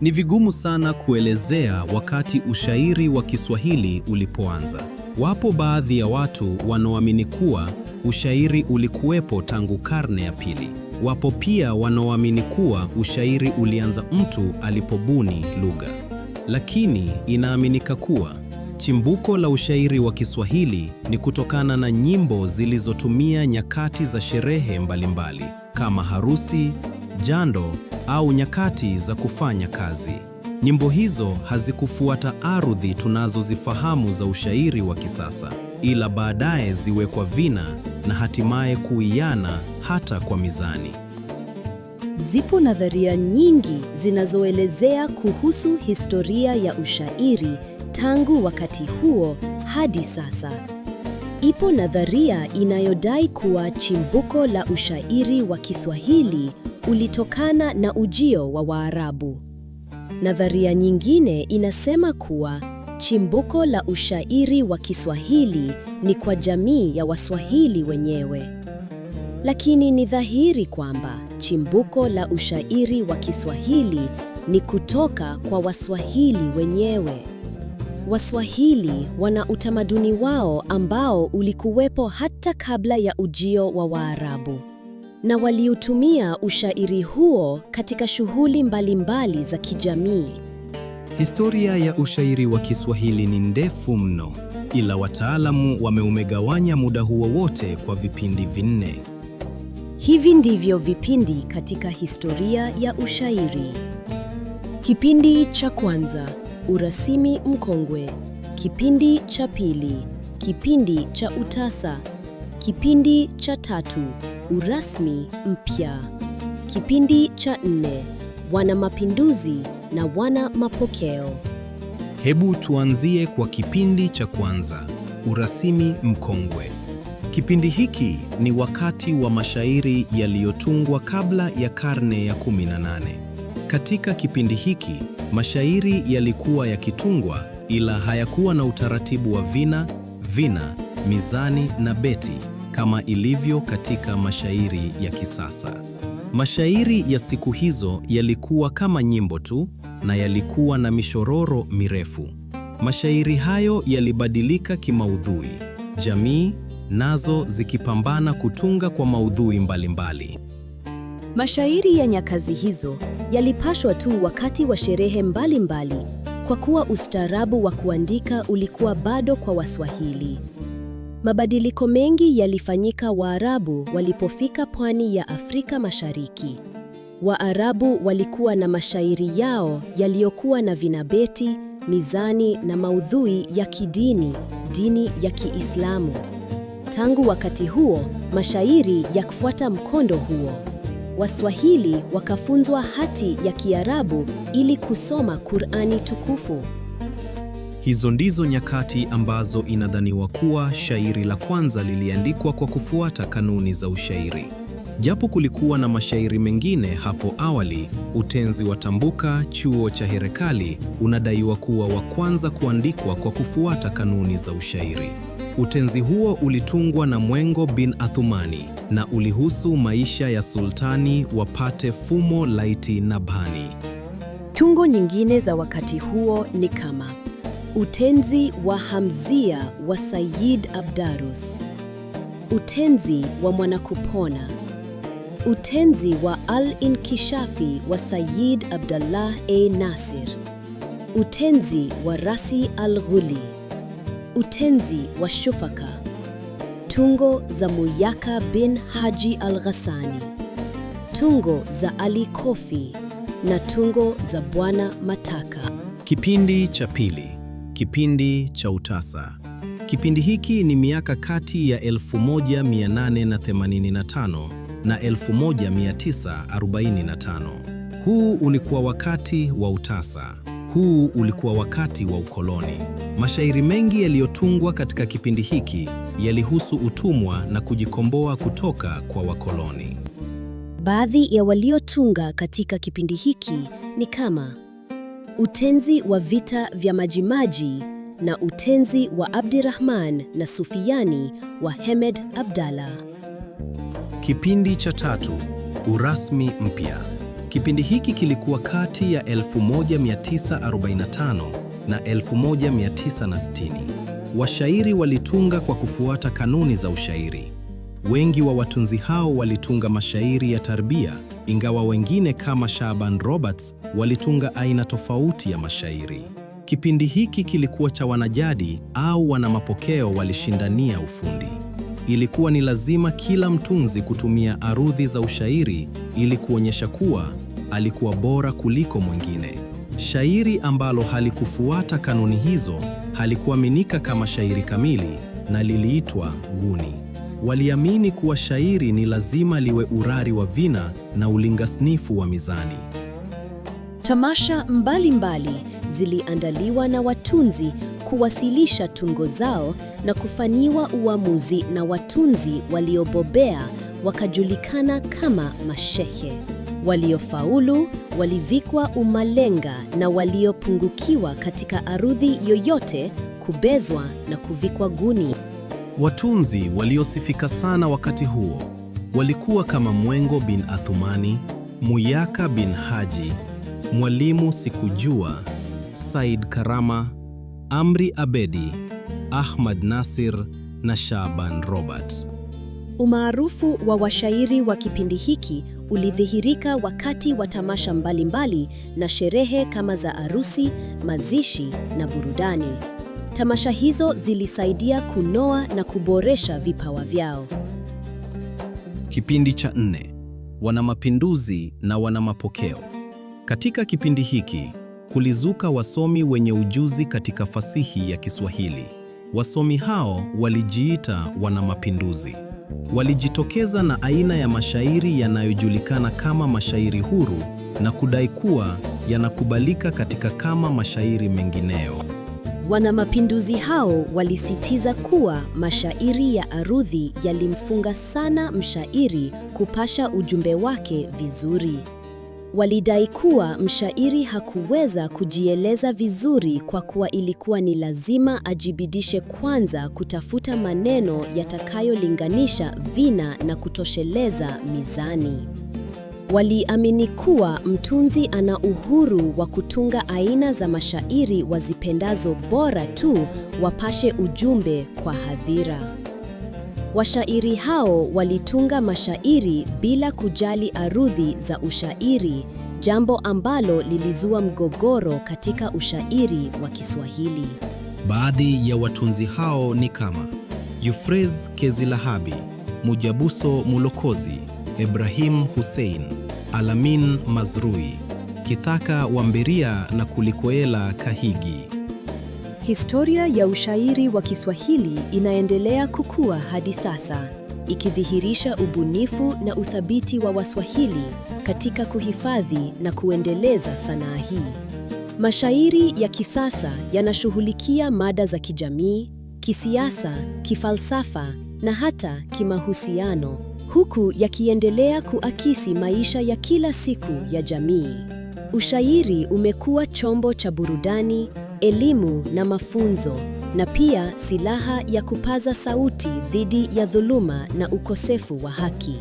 Ni vigumu sana kuelezea wakati ushairi wa Kiswahili ulipoanza. Wapo baadhi ya watu wanaoamini kuwa ushairi ulikuwepo tangu karne ya pili. Wapo pia wanaoamini kuwa ushairi ulianza mtu alipobuni lugha. Lakini inaaminika kuwa chimbuko la ushairi wa Kiswahili ni kutokana na nyimbo zilizotumia nyakati za sherehe mbalimbali kama harusi, jando au nyakati za kufanya kazi. Nyimbo hizo hazikufuata ardhi tunazozifahamu za ushairi wa kisasa, ila baadaye ziwekwa vina na hatimaye kuiana hata kwa mizani. Zipo nadharia nyingi zinazoelezea kuhusu historia ya ushairi tangu wakati huo hadi sasa. Ipo nadharia inayodai kuwa chimbuko la ushairi wa Kiswahili ulitokana na ujio wa Waarabu. Nadharia nyingine inasema kuwa chimbuko la ushairi wa Kiswahili ni kwa jamii ya Waswahili wenyewe. Lakini ni dhahiri kwamba chimbuko la ushairi wa Kiswahili ni kutoka kwa Waswahili wenyewe. Waswahili wana utamaduni wao ambao ulikuwepo hata kabla ya ujio wa Waarabu na waliutumia ushairi huo katika shughuli mbalimbali za kijamii. Historia ya ushairi wa Kiswahili ni ndefu mno, ila wataalamu wameumegawanya muda huo wote kwa vipindi vinne. Hivi ndivyo vipindi katika historia ya ushairi. Kipindi cha kwanza, urasimi mkongwe. Kipindi cha pili, kipindi cha utasa Kipindi cha tatu, urasmi mpya. Kipindi cha nne, wana mapinduzi na wana mapokeo. Hebu tuanzie kwa kipindi cha kwanza, urasimi mkongwe. Kipindi hiki ni wakati wa mashairi yaliyotungwa kabla ya karne ya 18. Katika kipindi hiki, mashairi yalikuwa yakitungwa ila hayakuwa na utaratibu wa vina vina mizani na beti kama ilivyo katika mashairi ya kisasa. Mashairi ya siku hizo yalikuwa kama nyimbo tu na yalikuwa na mishororo mirefu. Mashairi hayo yalibadilika kimaudhui, jamii nazo zikipambana kutunga kwa maudhui mbalimbali. Mashairi ya nyakazi hizo yalipashwa tu wakati wa sherehe mbalimbali, kwa kuwa ustaarabu wa kuandika ulikuwa bado kwa Waswahili. Mabadiliko mengi yalifanyika Waarabu walipofika pwani ya Afrika Mashariki. Waarabu walikuwa na mashairi yao yaliyokuwa na vinabeti, mizani na maudhui ya kidini, dini ya Kiislamu. Tangu wakati huo, mashairi yakufuata mkondo huo. Waswahili wakafunzwa hati ya Kiarabu ili kusoma Kurani tukufu. Hizo ndizo nyakati ambazo inadhaniwa kuwa shairi la kwanza liliandikwa kwa kufuata kanuni za ushairi. Japo kulikuwa na mashairi mengine hapo awali, utenzi wa Tambuka Chuo cha Herekali unadaiwa kuwa wa kwanza kuandikwa kwa kufuata kanuni za ushairi. Utenzi huo ulitungwa na Mwengo bin Athumani na ulihusu maisha ya sultani wa Pate Fumo Laiti Nabhani. Tungo nyingine za wakati huo ni kama Utenzi wa Hamzia wa Sayyid Abdarus, Utenzi wa Mwanakupona, Utenzi wa Al-Inkishafi wa Sayyid Abdallah A Nasir, Utenzi wa Rasi al-Ghuli, Utenzi wa Shufaka, Tungo za Muyaka bin Haji al-Ghassani, Tungo za Ali Kofi na tungo za Bwana Mataka. Kipindi cha pili. Kipindi cha utasa. Kipindi hiki ni miaka kati ya 1885 na 1945. Huu ulikuwa wakati wa utasa. Huu ulikuwa wakati wa ukoloni. Mashairi mengi yaliyotungwa katika kipindi hiki yalihusu utumwa na kujikomboa kutoka kwa wakoloni. Baadhi ya waliotunga katika kipindi hiki ni kama Utenzi wa vita vya Majimaji na utenzi wa Abdirahman na Sufiani wa Hemed Abdalla. Kipindi cha tatu, urasmi mpya. Kipindi hiki kilikuwa kati ya 1945 na 1960. Washairi walitunga kwa kufuata kanuni za ushairi. Wengi wa watunzi hao walitunga mashairi ya tarbia, ingawa wengine kama shaban Roberts walitunga aina tofauti ya mashairi. Kipindi hiki kilikuwa cha wanajadi au wana mapokeo walishindania ufundi. Ilikuwa ni lazima kila mtunzi kutumia arudhi za ushairi ili kuonyesha kuwa alikuwa bora kuliko mwingine. Shairi ambalo halikufuata kanuni hizo halikuaminika kama shairi kamili na liliitwa guni. Waliamini kuwa shairi ni lazima liwe urari wa vina na ulingasnifu wa mizani. Tamasha mbalimbali ziliandaliwa na watunzi kuwasilisha tungo zao na kufanyiwa uamuzi na watunzi waliobobea wakajulikana kama mashehe. Waliofaulu walivikwa umalenga na waliopungukiwa katika arudhi yoyote kubezwa na kuvikwa guni. Watunzi waliosifika sana wakati huo walikuwa kama Mwengo bin Athumani, Muyaka bin Haji, Mwalimu Sikujua, Said Karama, Amri Abedi, Ahmad Nasir na Shaban Robert. Umaarufu wa washairi wa kipindi hiki ulidhihirika wakati wa tamasha mbalimbali na sherehe kama za arusi, mazishi na burudani. Tamasha hizo zilisaidia kunoa na kuboresha vipawa vyao. Kipindi cha nne, wanamapinduzi na wanamapokeo. Katika kipindi hiki kulizuka wasomi wenye ujuzi katika fasihi ya Kiswahili. Wasomi hao walijiita wana mapinduzi Walijitokeza na aina ya mashairi yanayojulikana kama mashairi huru na kudai kuwa yanakubalika katika kama mashairi mengineyo. Wanamapinduzi hao walisitiza kuwa mashairi ya Arudhi yalimfunga sana mshairi kupasha ujumbe wake vizuri. Walidai kuwa mshairi hakuweza kujieleza vizuri kwa kuwa ilikuwa ni lazima ajibidishe kwanza kutafuta maneno yatakayolinganisha vina na kutosheleza mizani. Waliamini kuwa mtunzi ana uhuru wa kutunga aina za mashairi wazipendazo, bora tu wapashe ujumbe kwa hadhira. Washairi hao walitunga mashairi bila kujali arudhi za ushairi, jambo ambalo lilizua mgogoro katika ushairi wa Kiswahili. Baadhi ya watunzi hao ni kama Euphrase Kezilahabi, Mujabuso Mulokozi, Ibrahim Hussein Alamin Mazrui, Kithaka wa na Kulikoela Kahigi. Historia ya ushairi wa Kiswahili inaendelea kukua hadi sasa, ikidhihirisha ubunifu na uthabiti wa Waswahili katika kuhifadhi na kuendeleza sanaa hii. Mashairi ya kisasa yanashughulikia mada za kijamii, kisiasa, kifalsafa na hata kimahusiano huku yakiendelea kuakisi maisha ya kila siku ya jamii. Ushairi umekuwa chombo cha burudani, elimu na mafunzo, na pia silaha ya kupaza sauti dhidi ya dhuluma na ukosefu wa haki.